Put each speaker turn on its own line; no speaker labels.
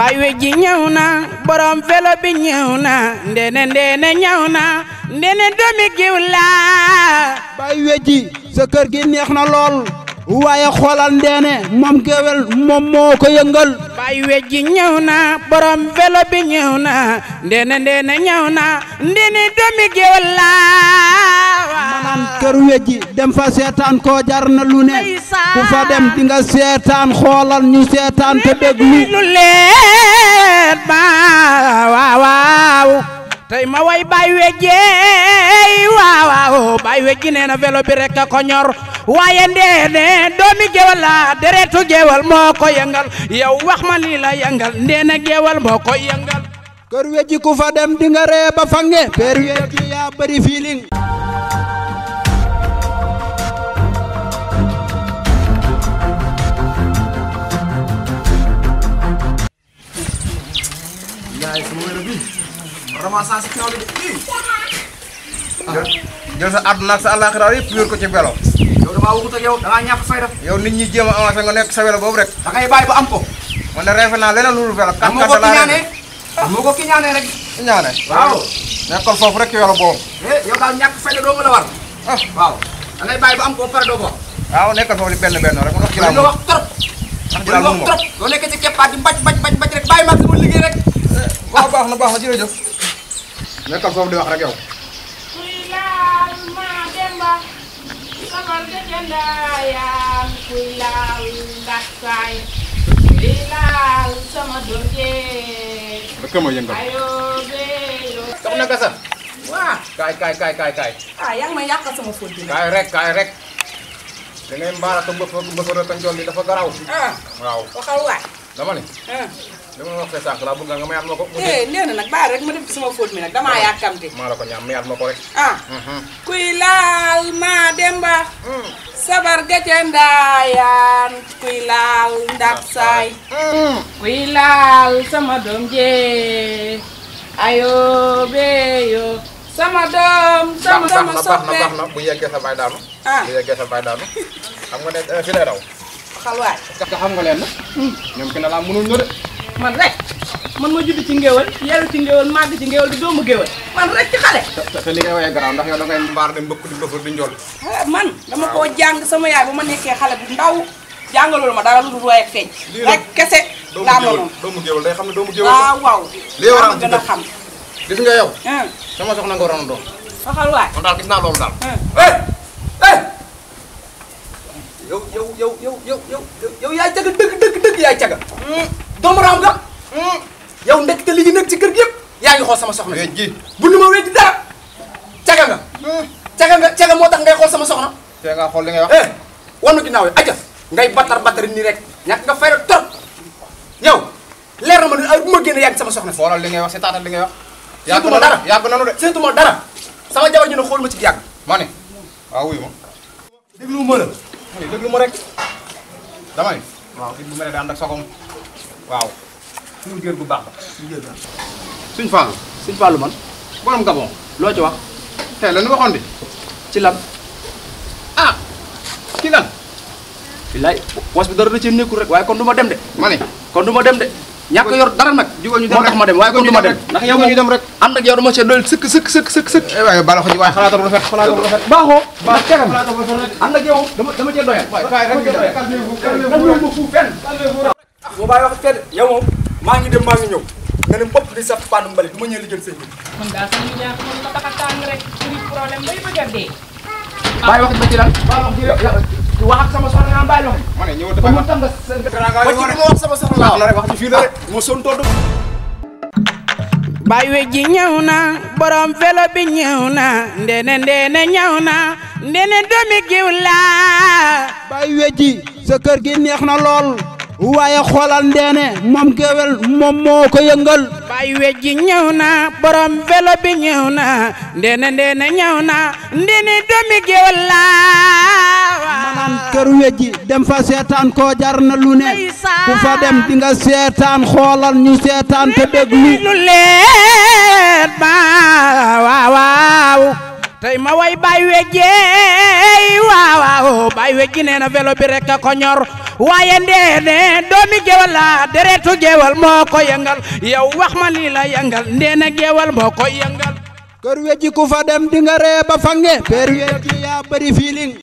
bay wejji ñëw na borom vélo bi ñëw na ndene ndene ñëw na ndene doomi giw la bay wejji sa kër gi neex na lool waaye xoolal ndeene moom géwél moom moo ko yëngal bay wejji ñëw na borom vélo bi ñëw na ndene ndene ñëw na ndene doomi giw la seetaan kër wejji dem fa seetaan ko jar na lu ne ku fa dem di nga seetaan xoolal ñu seetaan te déglu lu leen ba waaw tey ma way bay wejjeey waaw waaw bay wejji nee na vélo bi rek ko ñor waaye ndeene doomi géwal la deretu géwal moo ko yëngal yow wax ma lii la yëngal ndeene moo ko yëngal kër wejji ku fa dem di ree ba fange per wejji yaa bari feeling
yaay sama wér bi ramassage ci ñoom bi jël sa àdduna ak sa àllaaxira yëpp yor ko ci vélo yow damaa waxut ak yow dangaa ñàkk fayda yow nit ñi jéem a avancé nga nekk sa vélo boobu rek da ngay bàyyi ba am ko man de reefe naa leneen lu dul vélo kat kat laa ñaane moo ko ki ñaane rek ki ñaane ci vélo boobu yow daal ñàkk fayda doo mën a war waaw da ngay ba am ko pare doo ko waaw nekkal foofu li benn benn rek wax ci laa wax trop wax ci laa wax trop loo nekk ci keppaat di mbaj mbaj mbaj rek bàyyi ma sama liggéey rek waaw baax na baax na jërëjëf. nekkal foofu di wax rek yow.
kuy laal ma demba sabar dëgg ndaayaan kuy laal ndax saay kuy laal sama doom jee. rek ma ayoo beeyoo. soxna Gassane. waaw
kaay kaay kaay kaay kaay. ah yaa ngi may yàqal sama fóot bi. rek kaay rek. da mbaara ko mbëfa rek a njool li dafa garaw. Ah. waaw waxal waay. dama ne. dama wax fee ma ko. eh nee na nag bàyyi rek ma def ci sama fóot mi nag damaa yàkkamti. maa la ko ñaan mayaat ma ko rek. ah. Mhm.
kuy laal maa demba. Mm. sabar gàcce ndaayaan kuy laal ndax saay. Mm. kuy laal sama doom jee ayoo beeyoo. sama doom sama sama soppe na
bu yeggee yeggee sa baay daanu ah. xam nga ne eh, fi lay daw.
xalwaay. nga na. Mm.
ñoom ki ne laa mënul ñu man rek man ma judd ci ngéwal yaru ci ngéwal màgg ci ngéwal di doomu géwal man rek ci xale te li ngay woyee garaaw ndax yow da ngay mbaar de mbëkk di bëfër di njool eh,
man dama koo jàng sama yaay ba ma nekkee xale bu ndaw jàngaloolu ma dara lu dul waaye feeñ rek kese laa ma noonu
doomu géwal day xam ne doomu géwal waaw
waaw lii war a gën a xam
gis nga yow hmm. sama soxna nga waroon doon waxal waay man daal gis naa loolu daal hmm. eh, eh. yow yow yow yow yow yow yow yaay caga dëgg dëgg dëgg yaay caga hmm. doomu raam nga yow ndekete li ñu nekk ci kër gi yaa ngi xool sama soxna ji bu nu ma weddi dara caga nga hmm. caga nga caga moo tax ngay xool sama soxna te nga xool li ngay wax eh, wanu ginnaaw yi aja ngay batar batar nii rek ñàkk nga fay la trop yow leer na ma ne ay bu ma génne yaa ngi sama soxna si xoolal li wax si taatal li ngay wax seetuma dara yàgg nanu de seetuma dara sama jabar ji na xool ma ci yàgg ma ne waaw wuyu ma déglu ma la déglu ma rek dama ne waaw bu waaw suñu bu baax la suñu géer bu baax suñ Fallou suñ Fallou man borom Gabon loo ci wax tey la nu waxoon di ci lan ah ci lan billaay was bi dara da cee nekkul rek waaye kon du ma dem de ma ne ñàkk yor dara nag moo ñu dem rek ànd ak yow dama see sëkk sëkk sëkk sëkk sëkk waaye bala xoj baaxoo baax teexam ànd ak dama dama doyal boo bàyyi wax kenn yow moom maa ngi dem maa ngi ñëw nga ne di sax paanu mbali du ma ñëw li jël sëñ bi.
kon daal sama ñaar moom la taxataan rek suñu problème bay
ma ne ñëw dafa
na borom vélo bi ñëw na ndene ndene ñëw na ndene doomi giw la bay wejji sa kër gi neex na lool waaye xoolal ndeene moom géwél moom moo ko yëngal bay wejji ñëw na borom vélo bi ñëw na ndeene ndeene ñëw na ndeene doomi géwél la manaan kër wejji dem fa seetaan ko jar lu ne ku fa dem di seetaan xoolal ñu seetaan te déglu tey ma way bay wejjeey waawaaw bay wejji nee na vélo bi rek a waaye ndeene doomi géwal la deretu géwal moo ko yëngal yow wax ma lii la yëngal ndeene géwal moo ko yëngal kër wejji ku fa dem di ree ba fange peer wejji yaa bëri feeling